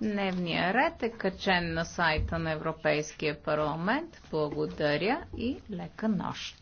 Дневния ред е качен на сайта на Европейския парламент. Благодаря и лека нощ!